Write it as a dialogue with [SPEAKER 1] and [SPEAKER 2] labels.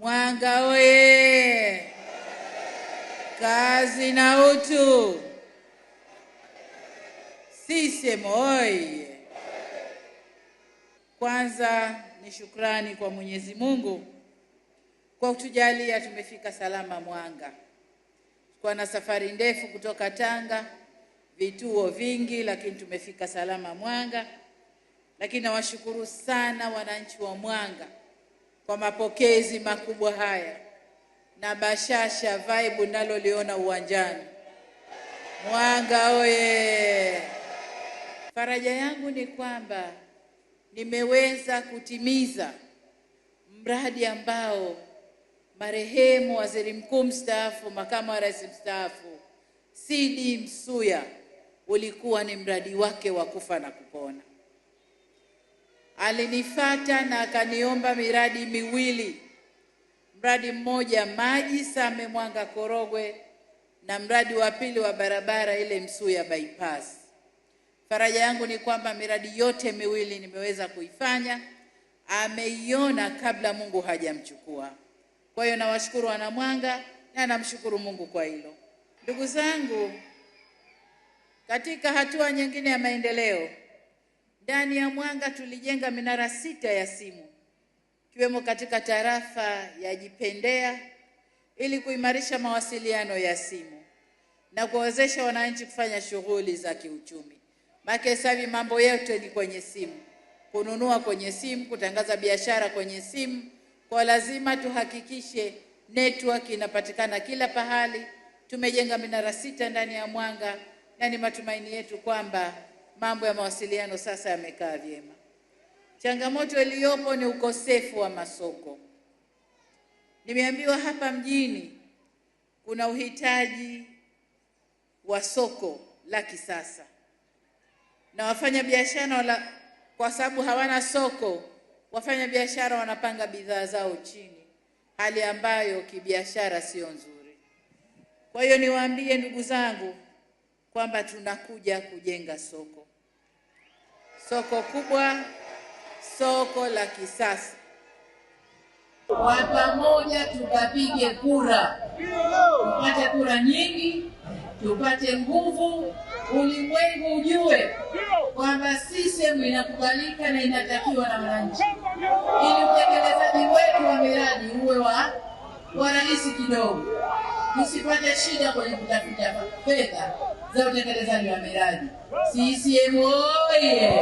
[SPEAKER 1] Mwanga oye! Kazi na utu! Sisem oye! Kwanza ni shukrani kwa Mwenyezi Mungu kwa kutujalia tumefika salama Mwanga. Tulikuwa na safari ndefu kutoka Tanga, vituo vingi, lakini tumefika salama Mwanga. Lakini nawashukuru sana wananchi wa Mwanga kwa mapokezi makubwa haya na bashasha vaibu naloliona uwanjani. Mwanga oye! Faraja yangu ni kwamba nimeweza kutimiza mradi ambao marehemu waziri mkuu mstaafu, makamu wa rais mstaafu CD Msuya ulikuwa ni mradi wake wa kufa na kupona alinifata na akaniomba miradi miwili, mradi mmoja maji Same Mwanga Korogwe na mradi wa pili wa barabara ile Msuya bypass. Faraja yangu ni kwamba miradi yote miwili nimeweza kuifanya, ameiona kabla Mungu hajamchukua. Kwa hiyo nawashukuru wanamwanga na namshukuru Mungu kwa hilo. Ndugu zangu, katika hatua nyingine ya maendeleo ndani ya Mwanga tulijenga minara sita ya simu ikiwemo katika tarafa ya Jipendea ili kuimarisha mawasiliano ya simu na kuwawezesha wananchi kufanya shughuli za kiuchumi. make savi mambo yote ni kwenye simu, kununua kwenye simu, kutangaza biashara kwenye simu. Kwa lazima tuhakikishe network inapatikana kila pahali. Tumejenga minara sita ndani ya Mwanga na ni matumaini yetu kwamba mambo ya mawasiliano sasa yamekaa vyema. Changamoto iliyopo ni ukosefu wa masoko. Nimeambiwa hapa mjini kuna uhitaji wa soko la kisasa, na wafanya biashara wala, kwa sababu hawana soko, wafanya biashara wanapanga bidhaa zao chini, hali ambayo kibiashara sio nzuri. Kwa hiyo niwaambie ndugu zangu kwamba tunakuja kujenga soko soko kubwa, soko la kisasa.
[SPEAKER 2] Kwa pamoja tukapige kura, tupate kura nyingi, tupate nguvu, ulimwengu ujue kwamba sehemu inakubalika na inatakiwa na wananchi, ili utekelezaji wetu wa miradi uwe wa rahisi kidogo msipate shida kwenye kutafuta fedha za utekelezaji wa miradi. CCM oye!